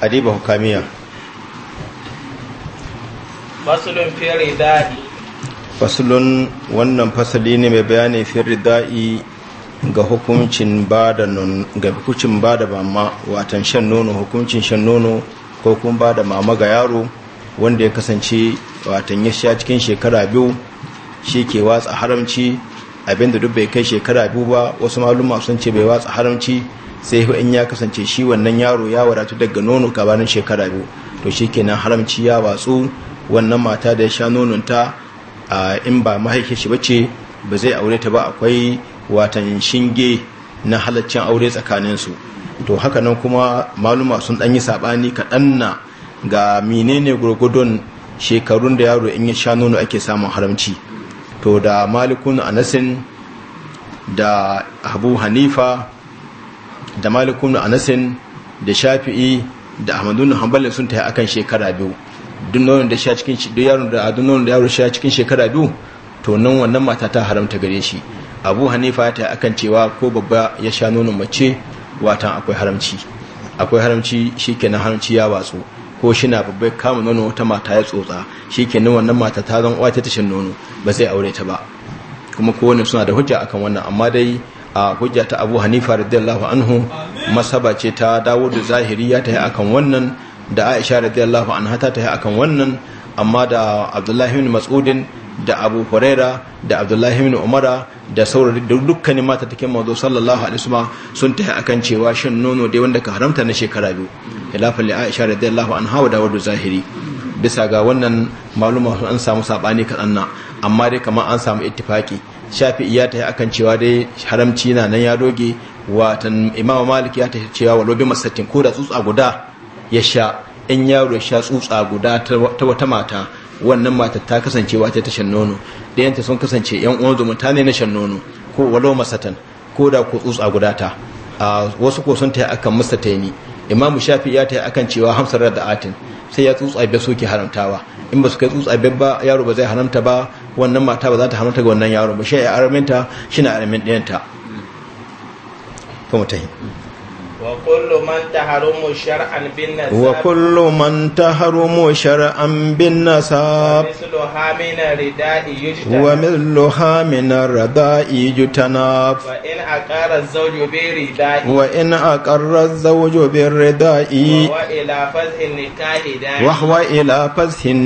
adiba hukamiya fasulun fi ridai fasulun wannan fasali ne mai bayani fi daɗi ga hukuncin bada nun ga hukuncin bada mama watan shan nono hukuncin shan nono ko kuma bada mama ga yaro wanda ya kasance watan ya sha cikin shekara biyu shi ke watsa haramci abinda duk bai kai shekara biyu ba wasu maluma sun ce bai watsa haramci sai in ya kasance shi wannan yaro ya wadatu daga nono gabanin shekara biyu to kenan haramci ya watsu wannan mata da ya sha nononta in ba mahaifiyar shi bace ba zai aure ta ba akwai watan shinge na halaccin aure tsakanin su to haka nan kuma maluma sun dan yi sabani kaɗan na ga menene gurgudun shekarun da yaro in ya sha nono ake samun haramci to da malikun anasin da abu hanifa da malikun anasin da shafi'i da ahmadun hanbalin sun tafi akan shekara biyu duk da sha cikin yaron da da yaro sha cikin shekara biyu to nan wannan mata ta haramta gare shi abu hanifa ta akan cewa ko babba ya sha nonon mace watan akwai haramci akwai haramci shi kenan haramci ya watsu ko shi na babbai kama nono wata mata ya tsotsa shi ke kenan wannan mata ta zan wata ta tashin nono ba zai aure ta ba kuma kowane suna da hujja akan wannan amma dai a hujja ta abu hanifa radiyallahu anhu masaba ce ta dawo da zahiri ya ta yi akan wannan da aisha radiyallahu anha ta ta yi akan wannan amma da abdullahi mas'udin da abu huraira da abdullahi ibn umara da saurari da dukkanin mata take mazo sallallahu alaihi wasallam sun ta yi akan cewa shan nono dai wanda ka haramta na shekara biyu khilafan li Aisha radiyallahu anha wa Dawud zahiri bisa ga wannan maluma an samu sabani kadan na amma dai kamar an samu ittifaki shafi iya ta akan cewa dai haramci na nan ya doge watan Imam Malik ya ta cewa walau bi masattin ko da tsutsa guda ya sha in yaro ya sha tsutsa guda ta wata mata wannan matar ta kasance wata ta shan nono ɗayanta sun kasance yan uwan zumunta ne na shan nono ko walau masatan ko da ko tsutsa guda ta wasu ko sun ta akan mustataini imamu shafi ya ta akan cewa hamsar atin sai ya tsutsa bai soke haramtawa in ba su kai tsutsa bai ba yaro ba zai haramta ba wannan mata ba za ta haramta ga wannan yaro ba shi ya araminta shi na aramin ɗayanta fa mutahi wa kullu man taharumu shar'an bin nasab wa kullu man taharumu shar'an bin nasab wa mithlu hamina rida'i yujtanab wa in Waɗannan aƙara zau jobin ridai. Waɗannan ridai. Waɗannan aƙara zau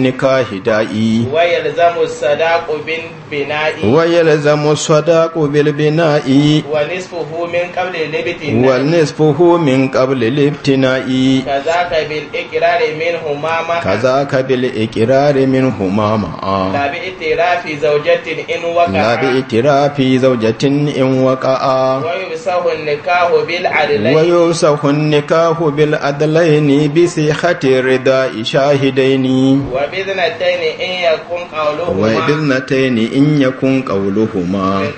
jobin ridai. Waye zan musadaqu bin na i? Waye zan musadaqu bin na i? Waɗannan aƙara zau jobin ka bil ka bil ikirari min humma ma. Labin itira in waƙa. ويوسخ النكاح بالعدلين بصيحة رضا شاهدين وبذنتين إن يكن قولهما من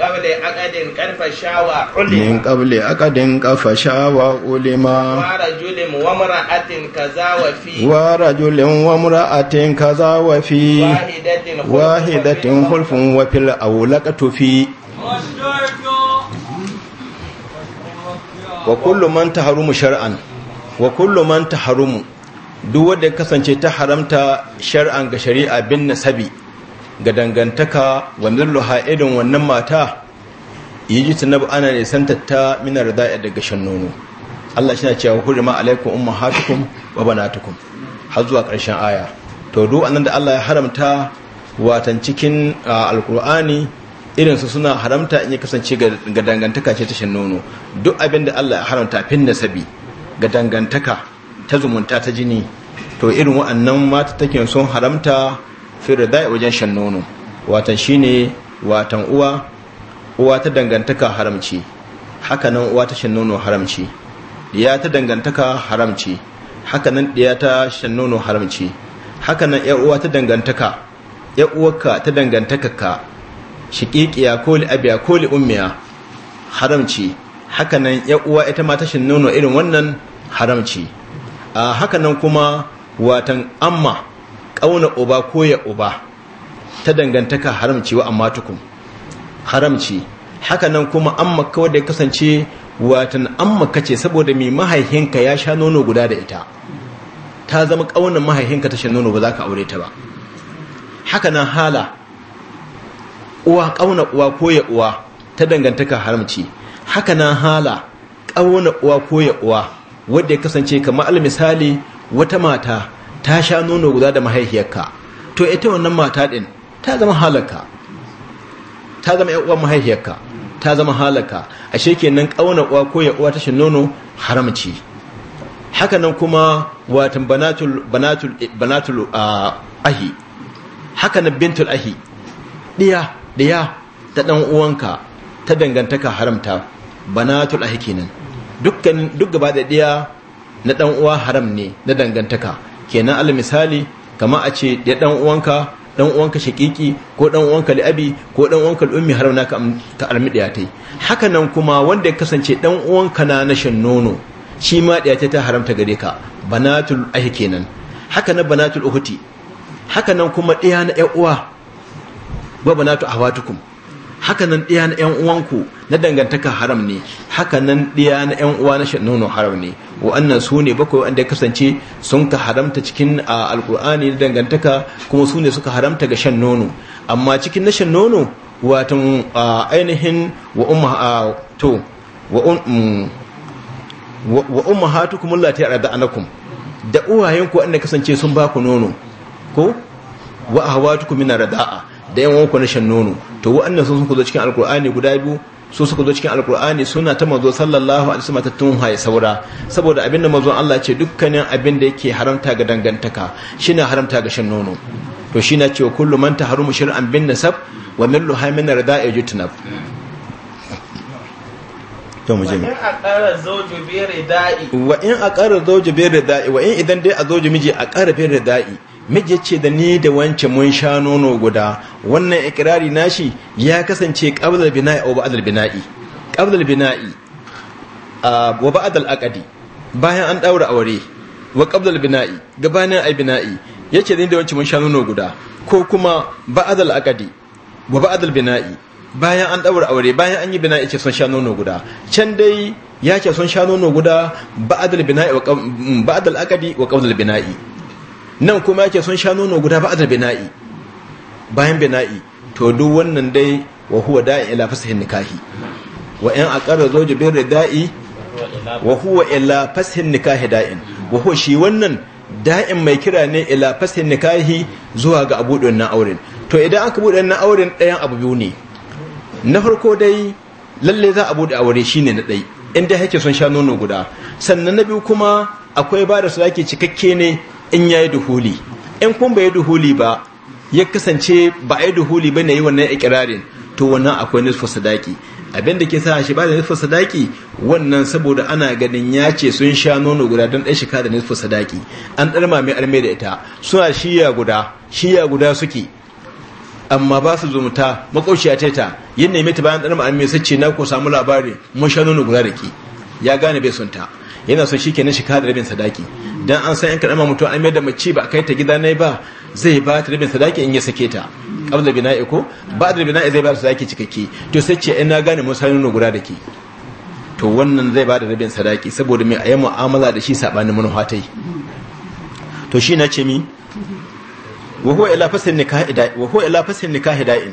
قبل أقد كف شاوى علما ورجل وامرأة كذا وفي ورجل واحدة خلف وفي الأولى في wa kullu man taharumu shar'an wa kullu man taharumu duk wanda kasance ta haramta shar'an ga shari'a bin nasabi ga dangantaka wa milluha irin wannan mata yaji tunabu ana nisanta ta minar da'a daga shan nono Allah shi na cewa hurima alaikum ummahatukum wa banatukum har zuwa ƙarshen aya to duk annan da Allah ya haramta watan cikin alkur'ani irinsu suna haramta in ya kasance ga dangantaka ce ta shan nono duk abin da Allah ya haramta fin sabi ga dangantaka ta zumunta ta jini to irin wa'annan mata take sun haramta fi ridai wajen shan nono watan shine watan uwa uwa ta dangantaka haramci hakanan uwa ta shan nono haramci ya ta dangantaka haramci hakanan ya ta shan nono haramci hakanan ya uwa ta dangantaka ya uwarka ta dangantaka ka shiƙiƙiya ko li'abiya ko li'ummiya haramci hakanan ya uwa ita ma tashin nono irin wannan haramci a hakanan kuma watan amma ƙauna uba ko ya uba ta dangantaka haramci wa amma tukun haramci hakanan kuma amma kawai da ya kasance watan amma kace saboda mai mahaihinka ya sha nono guda da ita ta zama ƙaunar mahaihinka tashin nono ba za ka aure ta ba hakanan hala uwa ƙauna uwa koya uwa ta dangantaka haramci haka nan hala ƙauna uwa koya uwa wanda ya kasance kamar al misali wata mata ta sha nono guda da mahaihiyarka to ita wannan mata din ta zama halaka ta zama yan uwa mahaihiyarka ta zama halaka sheke nan ƙauna uwa koya uwa ta shi nono haramci haka nan kuma watan banatul banatul banatul ah, ahi haka nan bintul ahi ɗiya. ɗiya ta ɗan uwanka ta dangantaka haramta banatul ahi dukkan duk gaba da ɗiya na ɗan uwa haram ne na dangantaka kenan al misali kama a ce ɗiya ɗan uwanka dan uwanka shakiki ko ɗan uwanka li'abi ko ɗan uwanka ummi haram na ka almidiya ta haka nan kuma wanda ya kasance ɗan uwanka na na shin nono shi ma ɗiya ta haramta gare ka banatul ahi haka na banatul uhti haka nan kuma ɗaya na ‘yan uwa wa banatu ahwatukum hakanan diya na yan uwanku na dangantaka haram ne hakanan diya na yan uwa na shannono haram ne annan su ne bakwai wanda ya kasance sun ka haramta cikin alkur'ani na dangantaka kuma su ne suka haramta ga shan nono amma cikin na shan nono watan ainihin wa umma to wa um, umma hatu kuma lati a anakum da uwayenku wanda kasance sun baku nono ko wa ahwatukum na rada'a da yawan ku na shan nono to wa'annan sun suka zo cikin alkur'ani guda biyu su suka zo cikin alkur'ani suna ta manzo sallallahu alaihi wasallam ta tunha ya saura saboda abin da manzon Allah ce dukkanin abin da yake haramta ga dangantaka shine haramta ga shan nono to shi na cewa kullu man taharumu shir'an bin nasab wa millu haimin rida'i jutnab to mu je wa in aqara zawju bi rida'i wa in aqara zawju bi rida'i wa in idan dai a zoji miji aqara bi rida'i miji ce da ni da wance mun sha nono guda wannan ikirari nashi ya kasance qablal bina'i aw ba'dal bina'i qablal bina'i wa ba'dal aqdi bayan an daura aure wa qablal bina'i gabanin ai bina'i yace ni da wance mun sha nono guda ko kuma ba'dal aqdi wa ba'dal bina'i bayan an daura aure bayan an yi bina'i ce sun sha nono guda can dai ya ce sun sha nono guda ba'dal bina'i wa ba'dal aqdi wa qablal bina'i nan kuma yake sun sha nono guda ba da bina'i bayan bina'i to duk wannan dai wa huwa da'i ila fasahin nikahi wa in aqara zawju bi rida'i wa huwa ila fasahin nikahi da'in wa huwa shi wannan da'in mai kira ne ila fasahin nikahi zuwa ga abu na auren to idan aka bude na auren ɗayan abu biyu ne na farko dai lalle za a bude aure shine na ɗai inda yake sun sha nono guda sannan na biyu kuma akwai ba da sadaki cikakke ne in ya yi duhuli in kun bai yi duhuli ba ya kasance ba a yi duhuli ba na yi wannan ikirarin to wannan akwai nufin sadaki abin da ke sa shi ba da nufin sadaki wannan saboda ana ganin ya ce sun sha nono guda don ɗan shika da nufin sadaki an ɗarma mai arme da ita suna shiya guda shiya guda suke amma ba su zumuta makwauciya ta ta yin neme ta bayan ɗarma arme sai ce na ko samu labari mun sha nono guda da ke ya gane bai sunta yana son shi ke na shika da rabin sadaki dan an san in karama mutum an mai da mace ba kai ta gida ne ba zai ba ta rabin sadaki in ya sake ta qabla bina'i ko ba da bina'i zai ba ta sadaki cikakke to sai ce ina gane mun sanin guda da ke to wannan zai ba da rabin sadaki saboda mai ayi mu'amala da shi sabanin hatai to shi na ce mi wa huwa ila fasil nikahi da wa huwa ila fasil nikahi da'in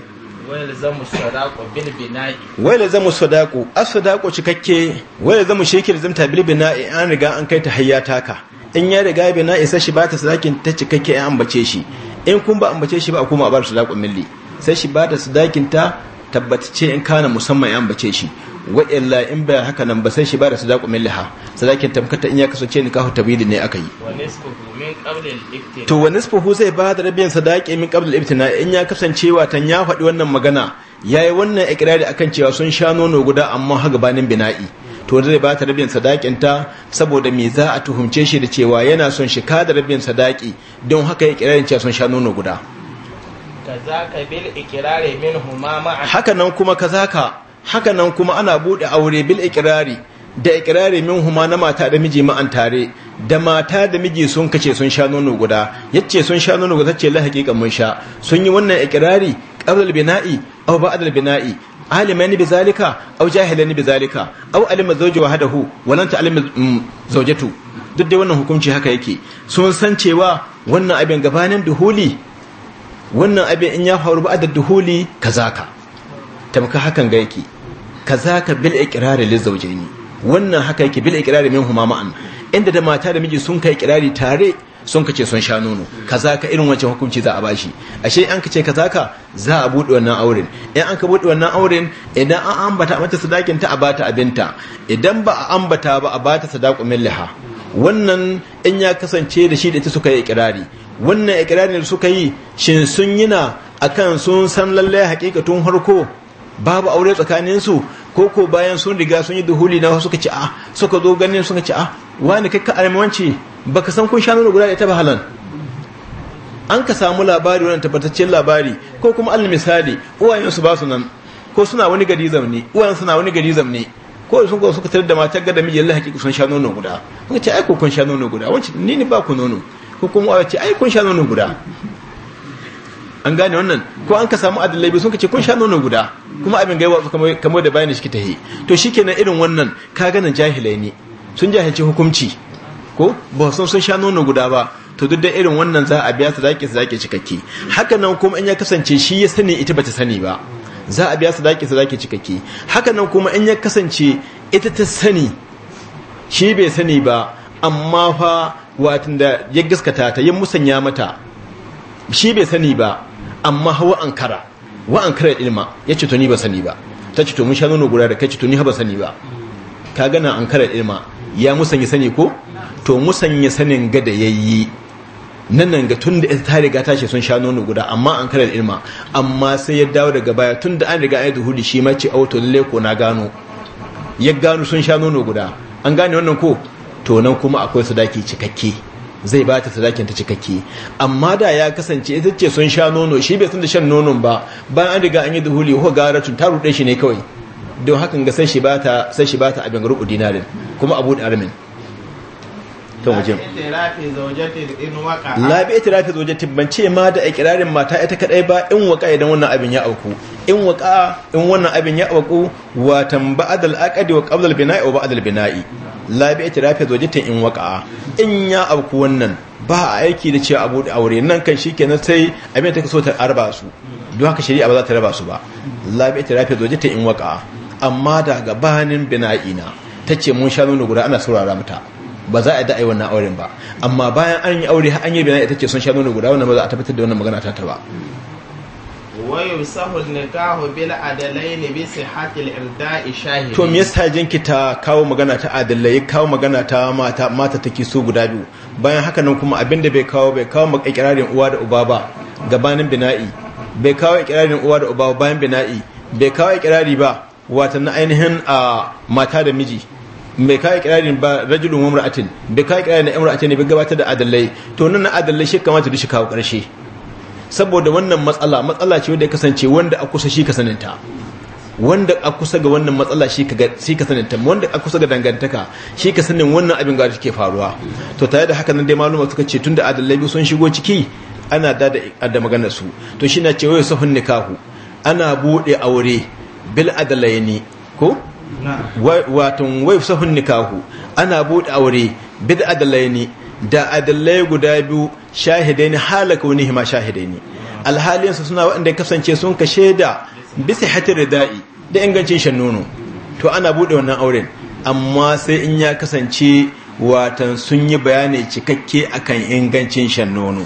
wai zamu sadaku as sadaku cikakke wai zamu shekir zamta bil bina'i an riga an kai ta hayyata ka in ya riga bi na isa shi ba ta sadakin ta cikakke an ambace shi in kun ba ambace shi ba a kuma a bar sadakun milli sai shi ba ta sadakin ta tabbatace in kana musamman ya ambace shi wa illa in ba haka nan ba sai shi ba da milli ha sadakin tamkata in ya kasance ni kahu tabidi ne akai to wani sufu zai ba da rabin sadaqi min qabl al-ibtina in ya kasance watan ya faɗi wannan magana yayi wannan ikrari akan cewa sun sha nono guda amma ha gabanin bina'i to zai ba ta rabin sadakin ta saboda me za a tuhumce shi da cewa yana son shi ka da rabin sadaki don haka ya kirarin cewa sun sha nono guda haka nan kuma kazaka haka nan kuma ana bude aure bil ikirari da ikirari min huma na mata da miji ma'an tare da mata da miji sun kace sun sha nono guda yace sun sha nono guda ce la haƙiƙa mun sha sun yi wannan ikirari qabl bina'i aw ba'da bina'i alimani bi zalika aw jahilani bi zalika aw alima zawju wahdahu wa lam ta'lam zawjatu duk dai wannan hukunci haka yake sun san cewa wannan abin gabanin duhuli wannan abin in ya faru ba'da duhuli kazaka tamka hakan ga yake kazaka bil iqrari li zawjaini wannan haka yake bil iqrari huma ma'an inda da mata da miji sun kai iqrari tare sun kace sun sha nono kaza ka irin wancan hukunci za a bashi ashe an kace kaza ka za a bude wannan auren in an ka bude wannan auren idan an ambata mata sadakin ta a bata abinta idan ba a ambata ba a bata sadaku millaha wannan in ya kasance da shi da ita suka yi ikirari wannan ikirarin da suka yi shin sun yi yina akan sun san lalle hakikatun harko babu aure tsakaninsu ko ko bayan sun riga sun yi duhuli na suka ci a ah, suka zo ganin suka ci a ah, wani kai ka almanci baka san kun shanu guda da ta ba halan an ka samu labari wannan tabbataccen labari ko kuma al misali uwayen su ba su nan ko suna wani gari zamne uwayen suna wani gari zamne ko sun ko suka tare da matar gada miji Allah hakiki sun shanu nono guda kun ce ai ko kun shanu nono guda wancin ni ne ba ku nono ko kuma a ce ai kun shanu nono guda an gane wannan ko an ka samu adalai sun ka ce kun shanu nono guda kuma abin gaiwa kamar da bayani shi ta yi to shi kenan irin wannan ka ganin jahilai ne sun jahilci hukumci ko ba sun sun sha nuna guda ba to duk da irin wannan za a biya su zaƙi su zaƙi cikakke haka nan kuma in ya kasance shi ya sani ita bata sani ba za a biya su zaƙi su zaki cikakke haka nan kuma in ya kasance ita ta sani shi bai sani ba amma fa watin da ya gaskata ta yi musanya mata shi bai sani ba amma hawa ankara wa an kare ilma ya ce to ni ba sani ba ta ce to mun sha nono guda da kai ce to ni ba sani ba ka gana an kare ilma ya musanya sani ko to musanya sanin ga da yayi nan nan ga tun da ta riga ta ce sun sha nono guda amma an kare ilma amma sai ya dawo daga baya tun da an riga ayi duhudi shi ma ce auto lalle ko na gano ya gano sun sha nono guda an gane wannan ko to nan kuma akwai sadaki cikakke zai ba ta sadakin ta cikakke amma da ya kasance ita ce sun sha nono shi bai san da shan nonon ba bayan an riga an yi duhuli ko gara tun ta rude shi ne kawai don hakan ga sai shi ba ta sai shi ba ta abin rubu dinarin kuma abu da armin ta la bi itirafi zawjati ban ce ma da ikrarin mata ita kadai ba in waka idan wannan abin ya auku in waka in wannan abin ya auku watan ba'adal aqdi wa qabla al bina'i wa ba'dal bina'i la rafi itirafi ta in waka in ya auku wannan ba a aiki da cewa abu da aure nan kan shikenan sai abin ta kaso ta arba su don haka shari'a ba za ta raba su ba la rafi itirafi ta in waka amma da gabanin bina'ina tace mun sha nuna guda ana saurara mata ba za a yi da ai wannan auren ba amma bayan an yi aure an yi ta tace sun sha nuna guda wannan ba za a tabbatar da wannan magana ta ta ba ويمسح النكاح بالعدلين بصحة الإمداء شاهد to me yasa jinki ta kawo magana ta adalai kawo magana ta mata mata take so guda biyu bayan haka nan kuma abinda bai kawo bai kawo maka ikirarin uwa da uba ba gabanin bina'i bai kawo ikirarin uwa da uba bayan bina'i bai kawo ikirari ba wata na ainihin a mata da miji bai kawo ikirarin ba rajulun wa mar'atin bai kawo ikirarin da imra'atin ne bai gabatar da adalai to nan adalai shi kamata da shi kawo karshe saboda wannan matsala matsala ce wanda ya kasance wanda a kusa shi ka saninta wanda a kusa ga wannan matsala shi ka saninta wanda a kusa ga dangantaka shi ka sanin wannan abin gari ke faruwa to tare da haka nan dai maluma suka ce tun adalai biyu sun shigo ciki ana da da maganar su to shi na ce wai sahun nikahu ana buɗe aure bil adalaini ko wato wai sahun nikahu ana buɗe aure bil adalaini da adalai guda biyu shahidai ne halaka wani hima shahidai ne alhalinsu suna waɗanda kasance sun ka shaida bisa hatar da'i da ingancin shan nono to ana buɗe wannan auren amma sai in ya kasance watan sun yi bayani cikakke akan ingancin shan nono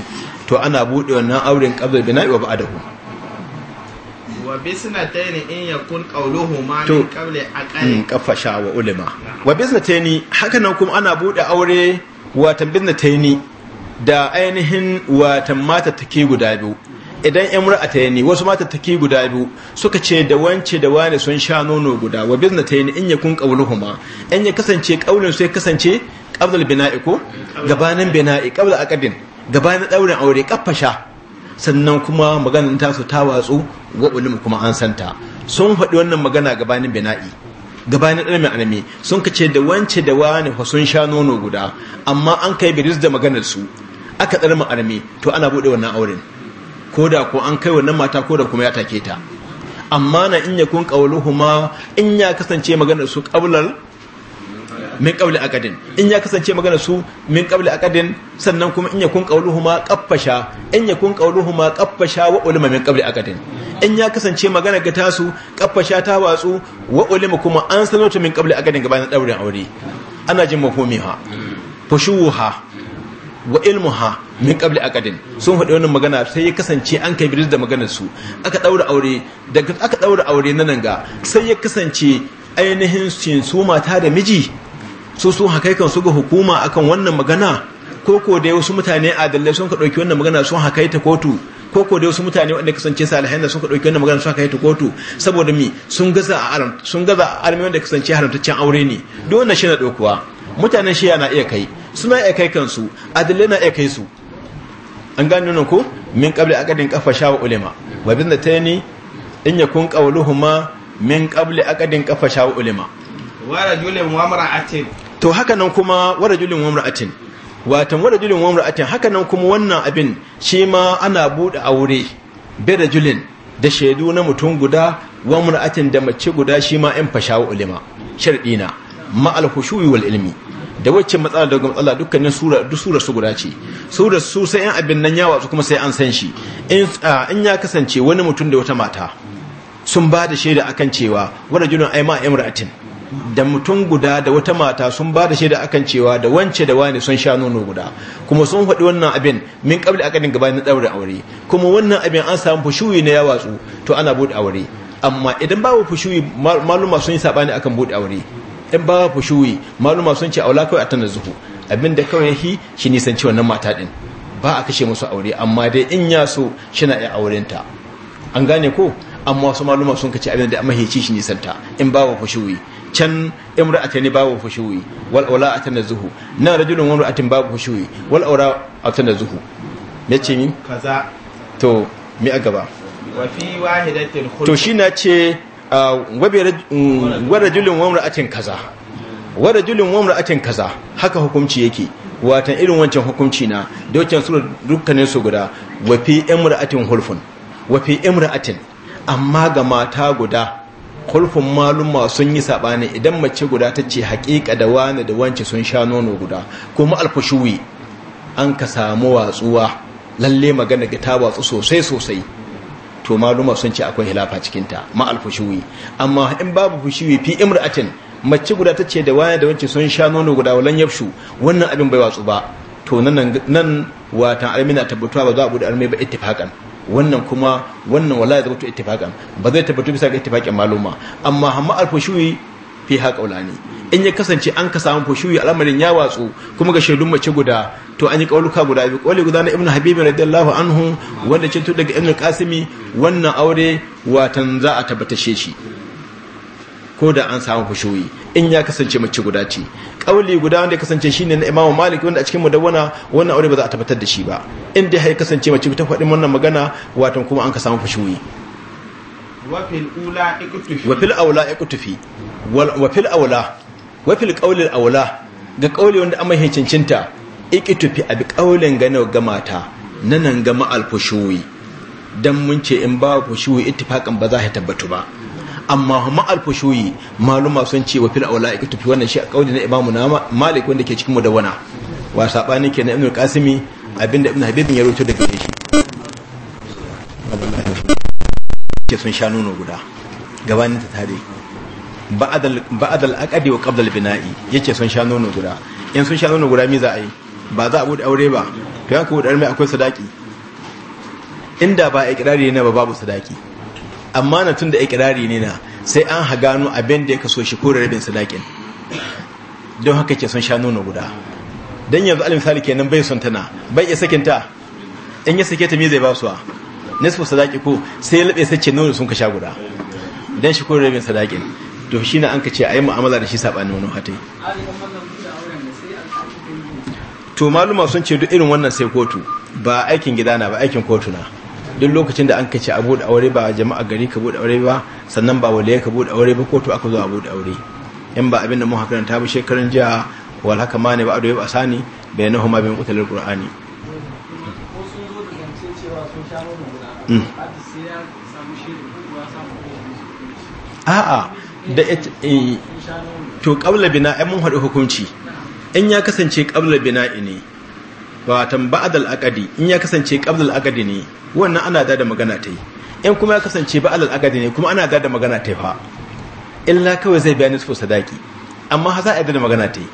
to ana buɗe wannan auren qabla bina'i wa ba'dahu wa bisnatayn in yakun qawluhuma min qabli aqali kafasha wa ulama wa bisnatayn haka hakanan kuma ana buɗe aure watan bin ni da ainihin watan mata ke guda biyu idan imra a ni wasu mata ke guda biyu suka ce da wance da wani sun sha nono guda wa ta yi ni in yakun huma in ya kasance qaulin sai kasance qabla bina'i ko gabanin bina'i qabla aqdin gabanin daurin aure kafasha sannan kuma maganin ta su ta watsu wa ulum kuma an santa sun faɗi wannan magana gabanin bina'i gabanin ɗarmin anami sun kace da wance da wani sun sha nono guda amma an kai biris da maganar su aka ɗarmin anami to ana buɗe wannan auren ko da ko an kai wannan mata ko da kuma ya take ta amma na in yakun qawluhuma in ya kasance maganar su qablal min a aqadin in ya kasance maganar su min a aqadin sannan kuma in yakun qawluhuma qaffasha in yakun qawluhuma qaffasha wa ulama min a aqadin in ya kasance magana ga tasu kaffasha ta watsu wa ulima kuma an sanar ta min qabli agadin gabanin daurin aure ana jin mafhumiha fushuha wa ilmuha min qabli aqadin sun faɗi wannan magana sai ya kasance an kai bidis da maganar su aka daura aure daga aka daura aure na nan ga sai ya kasance ainihin su mata da miji su sun hakai kan su ga hukuma akan wannan magana ko ko wasu mutane adalai sun ka ɗauki wannan magana sun hakai kotu ko ko wasu mutane wanda kasance salihai da suka dauki wannan magana suka kai ta kotu saboda mi sun gaza a alam sun gaza a almi wanda kasance haramtaccen aure ne duk wannan shi na dokuwa mutanen shi na iya kai suna iya kai kansu adalle na iya kai su an gane nan ko min qabli aqadin qafa sha wa ulama wa bin da tayni in yakun qawluhuma min qabli aqadin qafa sha wa ulama wa rajulun wa mar'atin to haka nan kuma wa rajulun wa mar'atin watan wa rajulin wa imra'atin haka nan kuma wannan abin shi ma ana bude aure bi rajulin da shaidu na mutum guda wa imra'atin da mace guda shi ma in wa ulama sharɗi na ma al wal ilmi da wacce matsala daga matsala dukkanin sura duk sura su guda ce sura su sai in abin nan ya watsu kuma sai an san shi in in ya kasance wani mutum da wata mata sun ba da shaida akan cewa wa rajulun ay imra'atin da mutum guda da wata mata sun ba da shaida akan cewa da wance da wani sun sha nono guda kuma sun faɗi wannan abin min kabli akadin gaba na ɗaurin aure kuma wannan abin an samu fushuyi na yawa to ana buɗe aure amma idan babu fushuyi maluma sun yi saɓani akan buɗe aure in ba fushuyi maluma sun ce aula kawai a tana zuhu abin da kawai yake shi nisanci wannan mata din ba a kashe musu aure amma dai in ya so shi na iya aurenta an gane ko amma wasu maluma sun kace abin da mahici shi nisanta in ba wa fushuyi can ne babu fushuwi wal aula tana zuhu nan rajulun wa imra'atin babu fushuwi wal a tana zuhu me ce ni kaza to mi a gaba wa fi wahidatil khulq to shi na ce mm, wa rajulun wa imra'atin kaza wa rajulun wa imra'atin kaza haka hukunci yake watan irin wancan hukunci na dokin su dukkanin su guda wa fi imra'atin hulfun wa fi imra'atin amma ga mata guda kulfin malumma sun yi saɓani idan mace guda ta ce haƙiƙa da wani da wance sun sha nono guda kuma alfashuwi an ka samu watsuwa lalle magana ga ta watsu sosai sosai to maluma sun ce akwai hilafa cikinta ma alfashuwi amma in babu fushiwi fi imra'atin mace guda ta ce da wani da wance sun sha nono guda walan yafshu wannan abin bai watsu ba to nan nan watan almina tabbatuwa ba za a bude almai ba ittifakan wannan kuma wannan wallahi zai mutu ittifaqan ba zai tabbatu bisa ga ittifaqin maluma amma hamma al-fushuyi fi ne in ya kasance an ka samu fushuyi al'amarin ya watsu kuma ga shaidun mace guda to an yi ƙaunuka guda biyu ƙauli guda na ibnu habibi radiyallahu anhu wanda cinto daga ibnu qasimi wannan aure watan za a tabbatashe shi ko da an samu fushuyi in ya kasance mace guda ce kauli guda wanda ya kasance shine na imamu malik wanda a cikin mudawwana wannan aure ba za a tabbatar da shi ba in dai ya kasance mace ta faɗi wannan magana watan kuma an ka samu fushuyi wafil aula iqtufi wafil aula wafil qawli aula ga qawli wanda amma hincincinta iqtufi abi qawlin gano ga mata nanan ga ma alfushuyi dan mun ce in ba fushuyi ittifaqan ba za ta tabbatu ba amma huma alfushuyi maluma sun ce wa fil'a aula ikatu fi wannan shi a kauli na imamu na malik wanda ke cikin mudawana wa sabani kenan ibnu qasimi abinda ibnu habib ya rubuta daga shi ce sun sha nono guda gabanin ta tare ba'ad al wa qabla al-bina'i yace sun sha nono guda in sun sha guda za a yi ba za a bude aure ba to yanku da mai akwai sadaki inda ba ikrari ne ba babu sadaki amma na tun da ikirari ne na sai an hagano abin da ya kaso shi kore rabin sadakin don haka ke sun sha nuna guda don yanzu alim ke kenan bai son tana bai sakin ta in ya sake ta mi zai ba suwa nisfu sadaki ko sai labe ce nuna sun ka sha guda don shi kore rabin sadakin to shi na an ka ce a yi mu'amala da shi saɓani wani hatai to maluma sun ce duk irin wannan sai kotu ba aikin gida na ba aikin kotu na duk lokacin da an ka ce a buɗe aure ba jama'a gari ka bude aure ba sannan ba waliyai ka bude aure ba ko to aka zo a da aure in ba abin da mun haka ta bi shekarun jiya wal haka ma ne ba ado ba sani bayanan huma bin kutalar qur'ani mm. a'a da eh, to qabla bina ai mun haɗu hukunci in ya kasance qabla bina ne watan ba'adal aqadi in ya kasance qabdal aqadi ne wannan ana da da magana ta yi in kuma ya kasance ba'alal aqadi ne kuma ana da da magana ta yi fa illa kawai zai bayani su sadaki amma ha za a yi da magana ta yi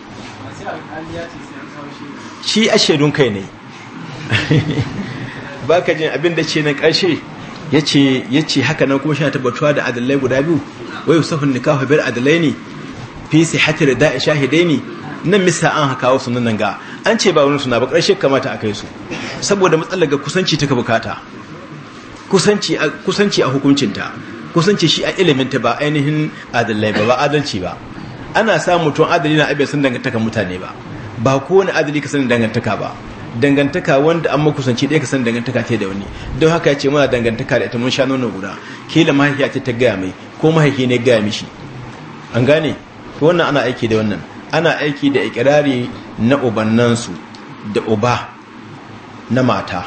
shi a shaidun kai ne baka jin abin da ce na ƙarshe ya ce haka nan kuma shi na tabbatuwa da adalai guda biyu wai yusufun nikahu adalai ne fi sihhatir da'i ni nan misa an haka wasu nan ga an ce ba wani suna ba ƙarshe kamata a kai su saboda matsalar ga kusanci ta bukata kusanci a hukuncinta kusanci shi a iliminta ba ainihin adalai ba ba adalci ba ana samun mutum adali na abin sun dangantaka mutane ba ba kowane adali ka sanin dangantaka ba dangantaka wanda an makusanci ɗaya ka san dangantaka ce da wani don haka ya ce muna dangantaka da ita mun sha nuna guda da mahaifiya ce ta gaya mai ko mahaifi ne gaya mishi an gane wannan ana aiki da wannan ana aiki da ikirari na ubannansu da uba na mata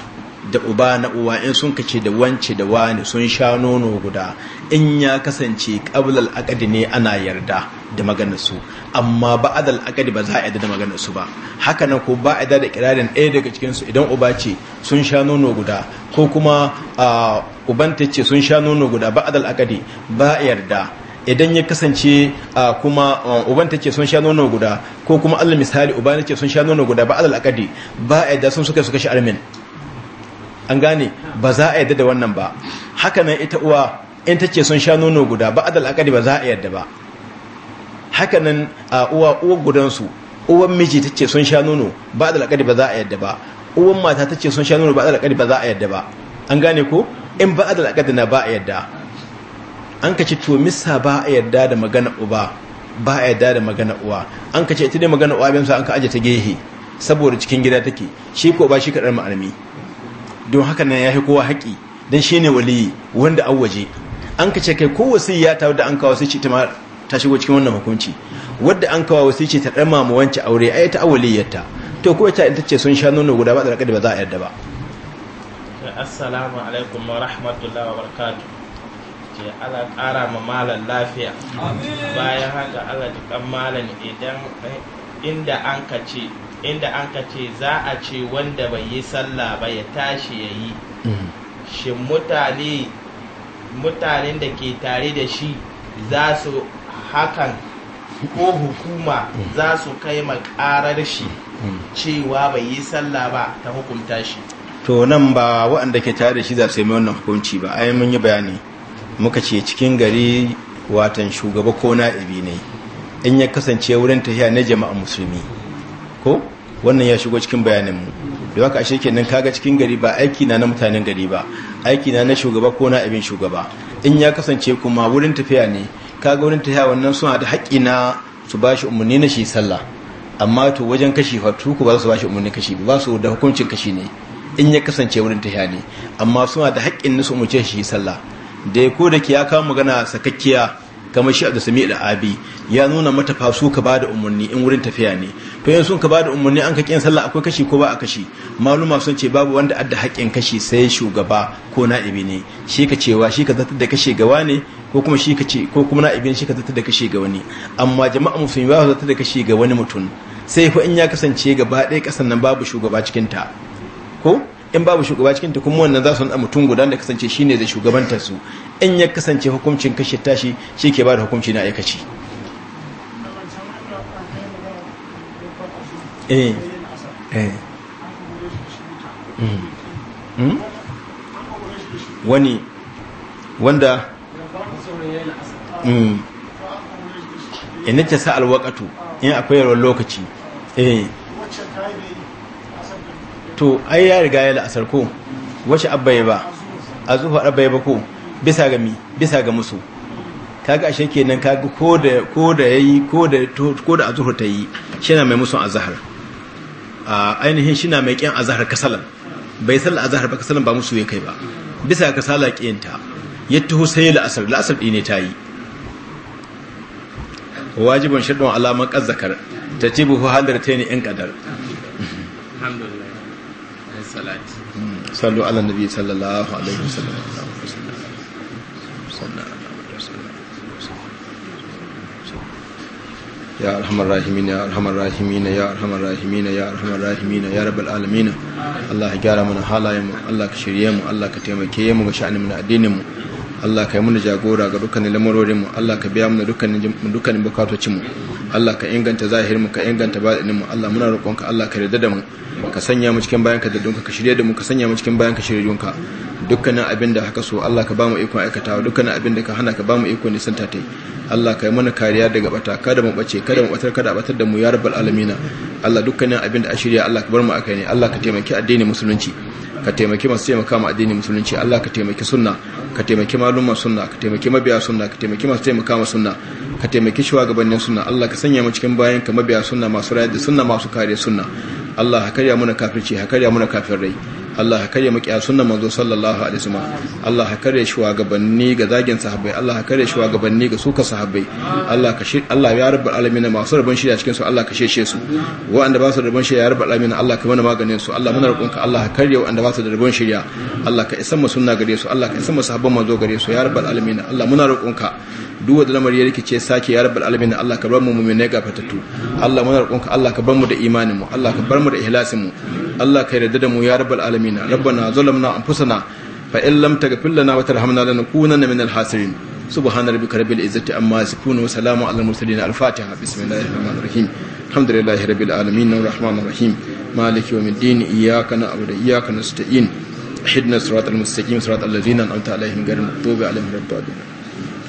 da uba na uwa in sun kace da wance da wani sun sha nono guda in ya kasance qablal aqdi ne ana yarda da maganar su amma ba'dal aqdi ba za a yarda da maganar su ba haka nan ko ba a yarda da kirarin ɗaya daga cikinsu idan uba ce sun sha nono guda ko kuma ah, uban ta ce sun sha nono guda ba'dal aqdi ba yarda idan ya kasance kuma uban take sun sha nono guda ko kuma allah misali uba take sun sha nono guda ba alal akadi ba a yadda sun suka suka shi armin an gane ba za a yadda da wannan ba haka nan ita uwa in take sun sha nono guda ba adal akadi ba za a yadda ba haka nan uwa uwa gudansu uwan miji take sun sha nono ba adal akadi ba za a yadda ba uwan mata take sun sha nono ba adal akadi ba za a yadda ba an gane ko in ba adal akadi na ba a yadda an ka ce to misa ba a yarda da magana uba ba a yarda da magana uwa an ka ce ita ne magana uwa bimsa an ka aje ta gehe saboda cikin gida take shi ko ba shi kadar ma'anami don haka nan ya fi kowa haƙi don shi ne waliyi wanda an waje an ka ce kai ko wasiyya ta wadda an kawo sai ce ta ta shigo cikin wannan hukunci wadda an kawo wasu ce ta dan mamu wance aure ai ta awaliyarta to ko ita ita ce sun sha nono guda ba da ba za a yarda ba assalamu alaikum wa rahmatullahi wa barakatuh ce Allah ƙara ma malam lafiya bayan haka Allah jikan malam idan inda an ka ce inda an ka ce za a ce wanda bai yi sallah ba ya tashi ya yi shi mutane mutanen da ke tare da shi za su hakan ko hukuma za su kai makarar shi cewa bai yi sallah ba ta hukunta shi to nan ba waɗanda ke tare da shi za su yi wannan hukunci ba ai mun yi bayani muka ce cikin gari watan shugaba ko na'ibi ne in ya kasance wurin tafiya na jama'a musulmi ko wannan ya shigo cikin mu da waka ashe kenan kaga cikin gari ba aiki na na mutanen gari ba aiki na na shugaba ko na abin shugaba in ya kasance kuma wurin tafiya ne kaga wurin tafiya wannan suna da haƙƙi na su ba shi umarni na shi sallah amma to wajen kashi fatu ku ba su ba shi umarni kashi ba su da hukuncin kashi ne in ya kasance wurin tafiya ne amma suna da haƙƙin na su umarce shi sallah da ya ko da ke ya kawo magana sakakkiya kamar shi da sami da abi ya nuna mata fasu su ka da umarni in wurin tafiya ne to yin sun ka ba da umarni an ka kin sallah akwai kashi ko ba a kashi maluma sun ce babu wanda adda haƙƙin kashi sai shugaba ko na'ibi ne shi ka cewa shi ka zata da kashi gawa ne ko kuma shi ka ce ko kuma na'ibi shi ka zata da kashi ga wani amma jama'a musulmi ba su zata da kashi ga wani mutum sai fa in ya kasance gaba ɗaya ƙasar nan babu shugaba cikin ta ko in babu shugaba cikin ta wannan za su na mutum guda da kasance shine zai shugabantar su in ya kasance hukuncin kashe tashi shi ke ba da hukunci na aikaci eh, eh. Hmm? Hmm? wani wanda hmm. in nace sa alwakatu in akwai lokaci eh to ai ya riga ya la'asar ko wace ya ba a zuwa ya ba ko bisa ga mi bisa ga musu kaga ashe kenan kaga ko da ko da yayi ko da ko da azhar ta yi na mai musu azhar a ainihin na mai kin azhar kasalan bai sal azhar ba kasalan ba musu ya kai ba bisa ga sala kiyanta yatta husayl la'asar la'asar dine ta yi wajibin shaddan alaman ƙazzakar ta ci buhu halar ta yi in ƙadar alhamdulillah salati sallu ala nabi sallallahu alaihi wasallam يا ارحم الراحمين يا ya الراحمين يا ارحم الراحمين يا ارحم الراحمين يا رب العالمين الله ya gyara mana halayen mu Allah ka mu Allah taimake mu ga sha'anin mu addinin mu Allah ka yi mana jagora ga dukkanin lamarorin mu Allah ka biya mana dukkanin dukkanin bukatocin mu Allah ka inganta zahirin mu ka inganta batinin mu Allah muna roƙonka Allah ka yarda da mu ka sanya mu cikin ka da dunka ka shirye da mu ka sanya mu cikin shirya dunka. dukkanin abin da haka so Allah ka ba mu ikon aikatawa dukkanin abin da ka hana ka ba mu ikon nisan ta tai Allah ka yi mana kariya daga bata kada mu bace kada mu batar kada batar da mu ya rabbal alamina Allah dukkanin abin da a shirya Allah ka bar mu akai ne Allah ka taimaki addinin musulunci ka taimaki masu taimaka ma addinin musulunci Allah ka taimaki sunna ka taimaki malumma sunna ka taimaki mabiya sunna ka taimaki masu taimaka ma sunna ka taimaki shugabannin sunna Allah ka sanya mu cikin bayan ka mabiya sunna masu rayar da sunna masu kare sunna Allah ka karya muna kafirci ka karya muna kafirai Allah ka karya makiya sunan manzo sallallahu alaihi wasallam Allah ka karya shugabanni ga zagin sahabbai Allah ka karya shugabanni ga suka sahabbai Allah ka shi Allah ya rabbal alamin masu rabon shi a cikin su Allah ka sheshe su wa'anda ba su rabon shi ya rabbal alamin Allah ka mana maganin su Allah muna roƙonka Allah ka karya wa'anda ba su da rabon shirya Allah ka isa mu sunna gare su Allah ka isa mu sahabban manzo gare su ya rabbal alamin Allah muna roƙonka duk wanda lamari ya rikice sake ya rabbal alamin Allah ka bar mu mu'mine gafatatu Allah muna roƙonka Allah ka bar mu da imanin mu Allah ka bar mu da ihlasin mu Allah ka yarda da mu ya rabbal alamin rabbana zalamna anfusana fa in lam taghfir lana wa tarhamna lanakunanna minal hasirin subhana rabbika rabbil izzati amma yasifun wa salamu alal mursalin al fatiha bismillahir rahmanir rahim alhamdulillahi rabbil alamin arrahmanir rahim maliki yawmid din iyyaka na'budu wa iyyaka nasta'in اهدنا الصراط المستقيم صراط الذين انعمت عليهم غير المغضوب عليهم ولا الضالين